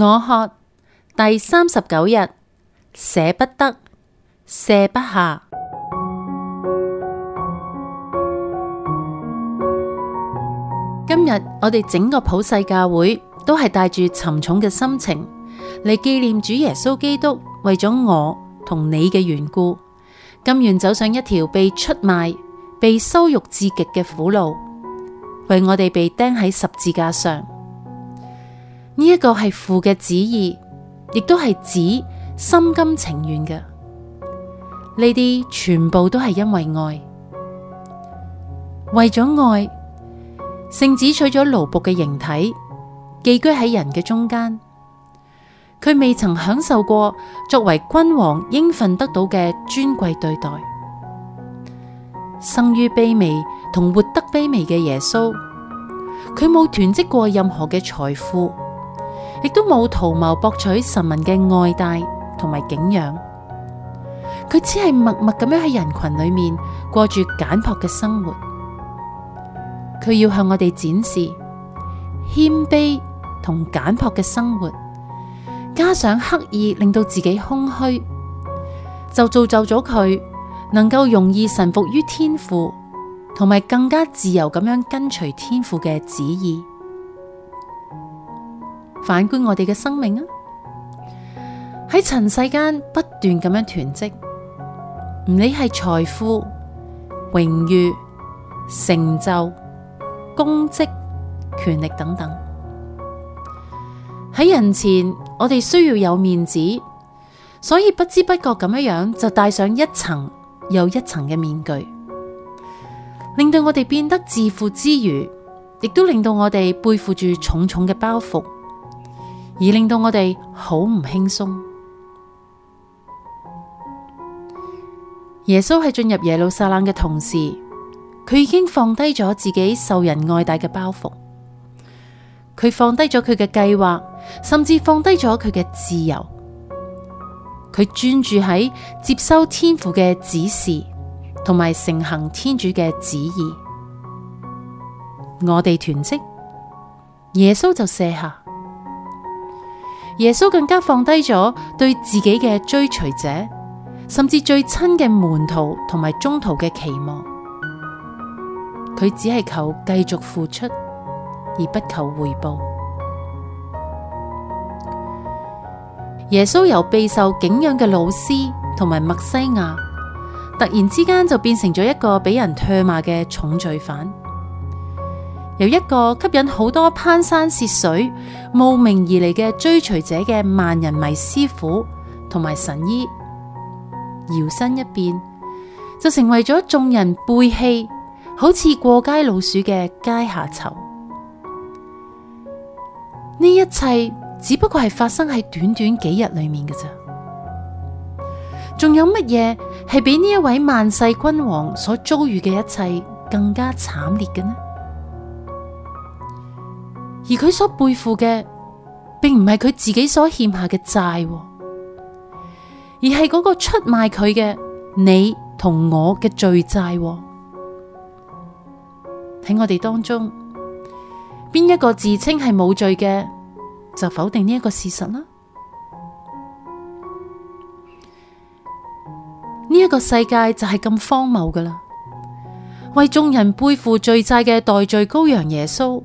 我渴第三十九日，捨不得，卸不下。今日我哋整個普世教會都係帶住沉重嘅心情嚟紀念主耶穌基督為咗我同你嘅緣故，甘願走上一條被出賣、被羞辱至極嘅苦路，為我哋被釘喺十字架上。呢一個係父嘅旨意，亦都係子心甘情願嘅。呢啲全部都係因為愛，為咗愛，聖子取咗奴僕嘅形體，寄居喺人嘅中間。佢未曾享受過作為君王應份得到嘅尊貴對待，生於卑微同活得卑微嘅耶穌，佢冇囤積過任何嘅財富。亦都冇圖謀博取臣民嘅愛戴同埋景仰，佢只係默默咁樣喺人群裏面過住簡樸嘅生活。佢要向我哋展示謙卑同簡樸嘅生活，加上刻意令到自己空虛，就造就咗佢能夠容易臣服於天父，同埋更加自由咁樣跟隨天父嘅旨意。反觀我哋嘅生命啊，喺塵世間不斷咁樣囤積，唔理係財富、榮譽、成就、功績、權力等等。喺人前，我哋需要有面子，所以不知不覺咁樣樣就戴上一層又一層嘅面具，令到我哋變得自負之餘，亦都令到我哋背負住重重嘅包袱。而令到我哋好唔輕鬆。耶穌喺進入耶路撒冷嘅同時，佢已經放低咗自己受人愛戴嘅包袱，佢放低咗佢嘅計劃，甚至放低咗佢嘅自由。佢專注喺接收天父嘅指示，同埋承行天主嘅旨意。我哋囤積，耶穌就卸下。耶穌更加放低咗對自己嘅追隨者，甚至最親嘅門徒同埋宗徒嘅期望。佢只係求繼續付出，而不求回報。耶穌由備受景仰嘅老師同埋默西亞，突然之間就變成咗一個俾人唾罵嘅重罪犯。由一個吸引好多攀山涉水、慕名而嚟嘅追隨者嘅萬人迷師傅，同埋神醫，搖身一變就成為咗眾人背棄、好似過街老鼠嘅階下囚。呢一切只不過係發生喺短短幾日裏面嘅咋。仲有乜嘢係比呢一位萬世君王所遭遇嘅一切更加慘烈嘅呢？而佢所背負嘅，並唔係佢自己所欠下嘅債，而係嗰個出賣佢嘅你同我嘅罪債。喺我哋當中，邊一個自稱係冇罪嘅，就否定呢一個事實啦。呢一個世界就係咁荒謬噶啦！為眾人背負罪債嘅代罪羔羊耶穌。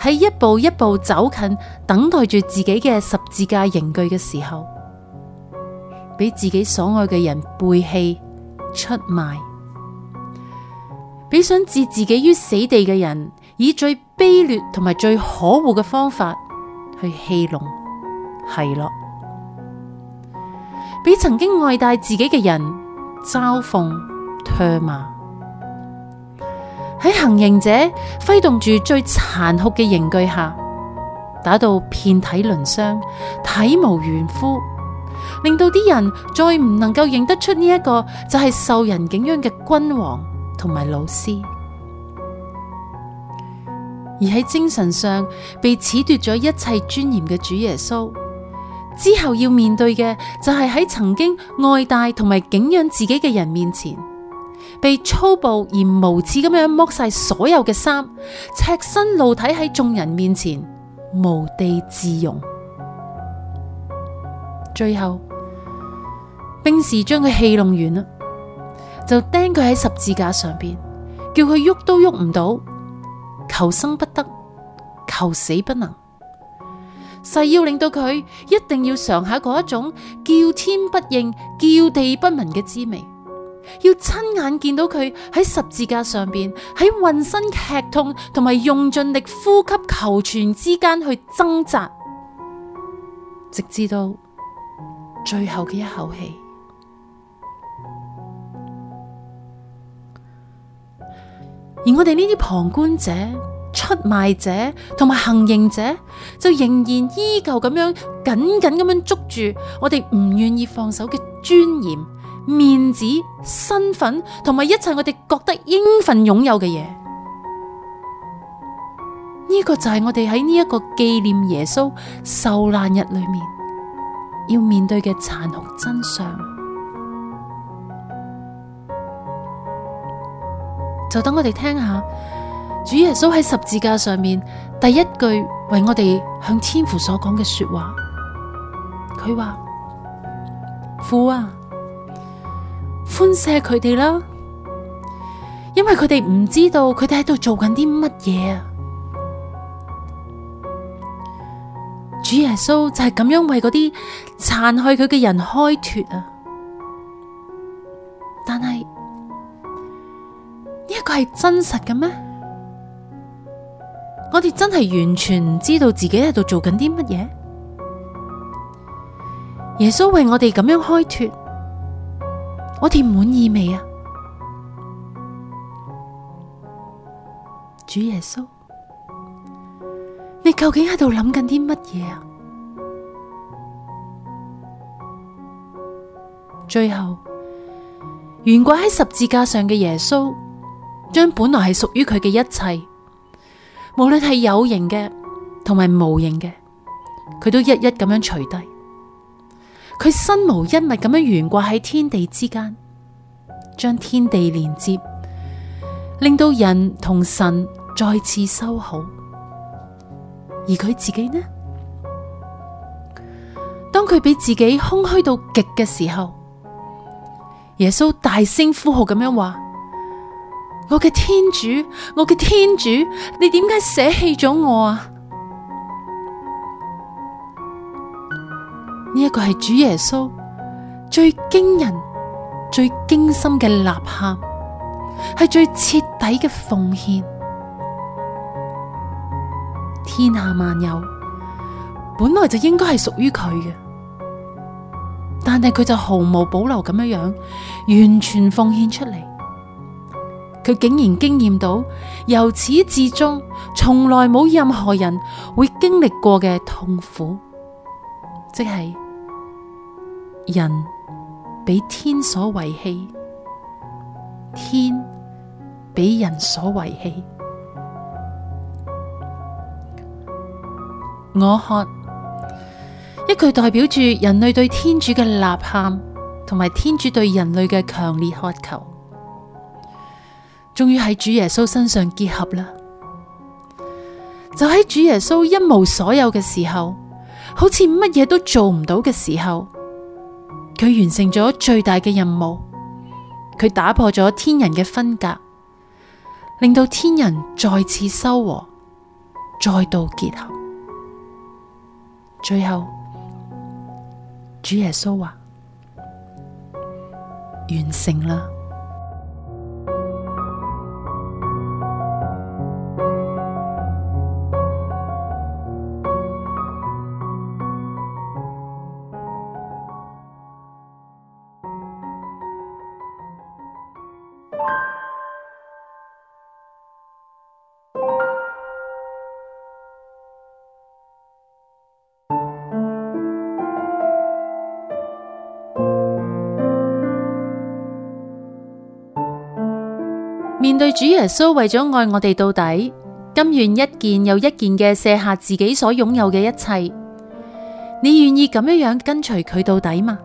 喺一步一步走近等待住自己嘅十字架刑具嘅時候，俾自己所愛嘅人背棄出賣，俾想置自己於死地嘅人以最卑劣同埋最可惡嘅方法去戲弄、奚落，俾曾經愛戴自己嘅人嘲諷唾罵。喺行刑者揮動住最殘酷嘅刑具下，打到遍體鱗傷、體無完膚，令到啲人再唔能夠認得出呢一個就係受人景仰嘅君王同埋老師。而喺精神上被褫奪咗一切尊嚴嘅主耶穌，之後要面對嘅就係喺曾經愛戴同埋景仰自己嘅人面前。被粗暴而無恥咁樣剝晒所有嘅衫，赤身露體喺眾人面前無地自容。最後，兵士將佢戲弄完啦，就釘佢喺十字架上邊，叫佢喐都喐唔到，求生不得，求死不能，誓要令到佢一定要嘗下嗰一種叫天不應、叫地不聞嘅滋味。要親眼見到佢喺十字架上邊，喺渾身劇痛同埋用盡力呼吸求存之間去掙扎，直至到最後嘅一口氣。而我哋呢啲旁觀者、出賣者同埋行刑者，就仍然依舊咁樣緊緊咁樣捉住我哋唔願意放手嘅尊嚴。面子、身份同埋一切我哋覺得應份擁有嘅嘢，呢、這個就係我哋喺呢一個紀念耶穌受難日裏面要面對嘅殘酷真相。就等我哋聽下主耶穌喺十字架上面第一句為我哋向天父所講嘅說話。佢話：父啊！寬赦佢哋啦，因為佢哋唔知道佢哋喺度做緊啲乜嘢啊！主耶穌就係咁樣為嗰啲殘害佢嘅人開脫啊！但係呢一個係真實嘅咩？我哋真係完全唔知道自己喺度做緊啲乜嘢？耶穌為我哋咁樣開脫。我哋滿意未啊？主耶穌，你究竟喺度諗緊啲乜嘢啊？最後，懸掛喺十字架上嘅耶穌，將本來係屬於佢嘅一切，無論係有形嘅同埋無形嘅，佢都一一咁樣除低。佢身無一物咁樣懸掛喺天地之間，將天地連接，令到人同神再次修好。而佢自己呢？當佢俾自己空虛到極嘅時候，耶穌大聲呼號咁樣話：「我嘅天主，我嘅天主，你點解捨棄咗我啊？」呢個係主耶穌最驚人、最驚心嘅吶喊，係最徹底嘅奉獻。天下萬有本來就應該係屬於佢嘅，但係佢就毫無保留咁樣樣，完全奉獻出嚟。佢竟然經驗到，由始至終從來冇任何人會經歷過嘅痛苦，即係。人俾天所遺棄，天俾人所遺棄。我渴一句，代表住人類對天主嘅吶喊，同埋天主對人類嘅強烈渴求，終於喺主耶穌身上結合啦。就喺主耶穌一無所有嘅時候，好似乜嘢都做唔到嘅時候。佢完成咗最大嘅任務，佢打破咗天人嘅分隔，令到天人再次修和，再度結合。最後，主耶穌話：完成啦。對主耶穌為咗愛我哋到底，甘願一件又一件嘅卸下自己所擁有嘅一切，你願意咁樣樣跟隨佢到底嗎？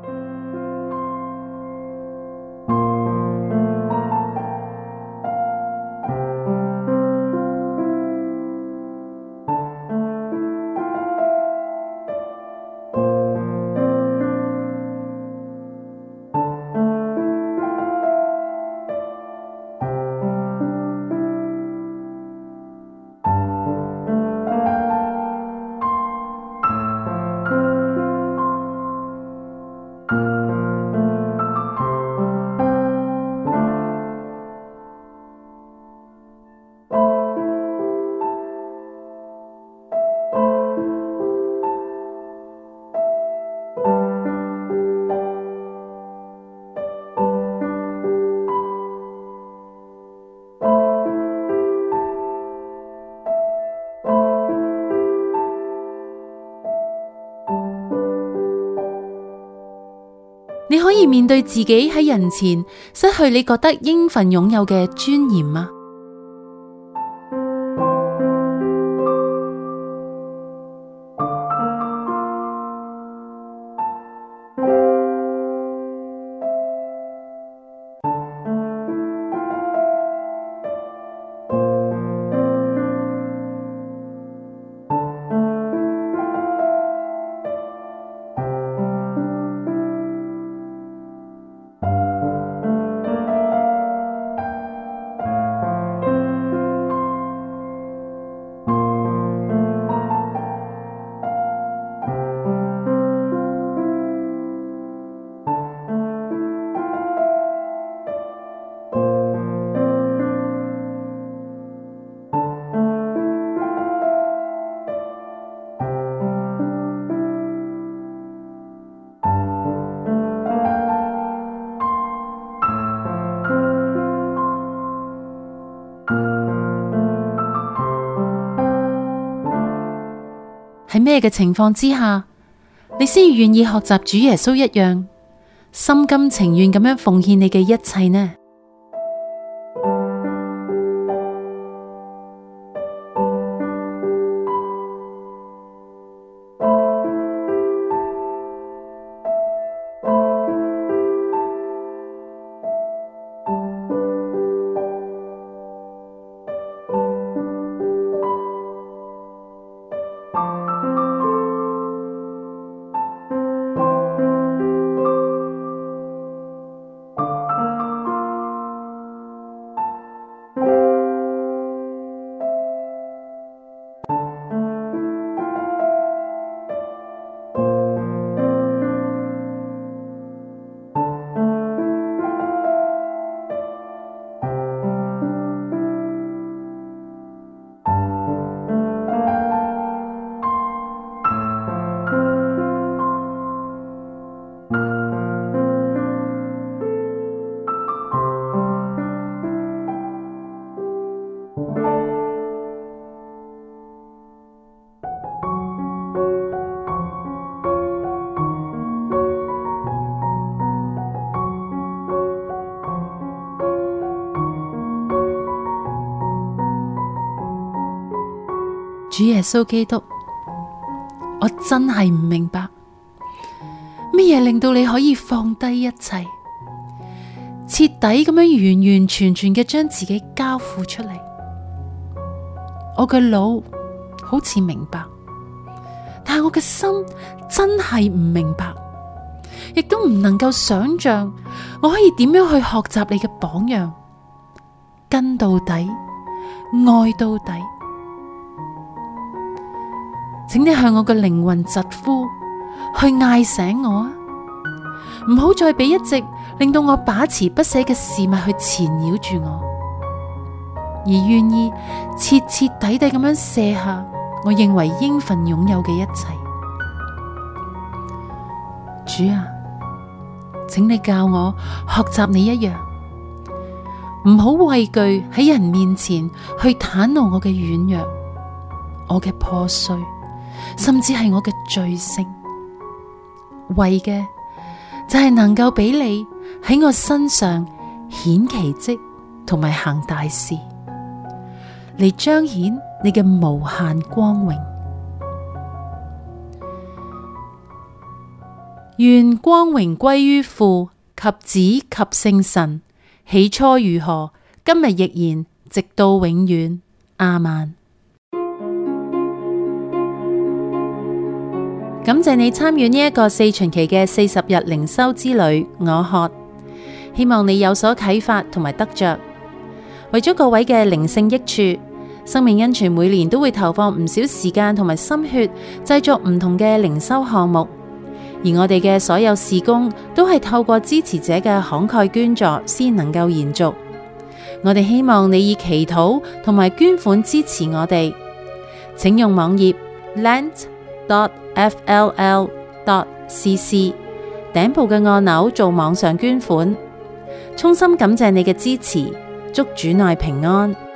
面對自己喺人前失去你覺得應份擁有嘅尊嚴嗎？係咩嘅情況之下，你先願意學習主耶穌一樣，心甘情願咁樣奉獻你嘅一切呢？主耶穌基督，我真係唔明白咩嘢令到你可以放低一切，徹底咁樣完完全全嘅將自己交付出嚟。我嘅腦好似明白，但係我嘅心真係唔明白，亦都唔能夠想象我可以點樣去學習你嘅榜樣，跟到底，愛到底。請你向我嘅靈魂疾呼，去嗌醒我啊！唔好再俾一直令到我把持不捨嘅事物去纏繞住我，而願意徹徹底底咁樣卸下我認為應份擁有嘅一切。主啊，請你教我學習你一樣，唔好畏懼喺人面前去袒露我嘅軟弱，我嘅破碎。甚至係我嘅罪性，為嘅就係、是、能夠俾你喺我身上顯奇蹟，同埋行大事，嚟彰顯你嘅無限光榮。願光榮歸於父及子及聖神，起初如何，今日亦然，直到永遠。亞孟。感謝你參與呢一個四旬期嘅四十日靈修之旅，我渴，希望你有所啟發同埋得着。為咗各位嘅靈性益處，生命恩泉每年都會投放唔少時間同埋心血，製作唔同嘅靈修項目。而我哋嘅所有事工都係透過支持者嘅慷慨捐助先能夠延續。我哋希望你以祈禱同埋捐款支持我哋，請用網頁 lent dot fll.cc 頂部嘅按鈕做網上捐款，衷心感謝你嘅支持，祝主內平安。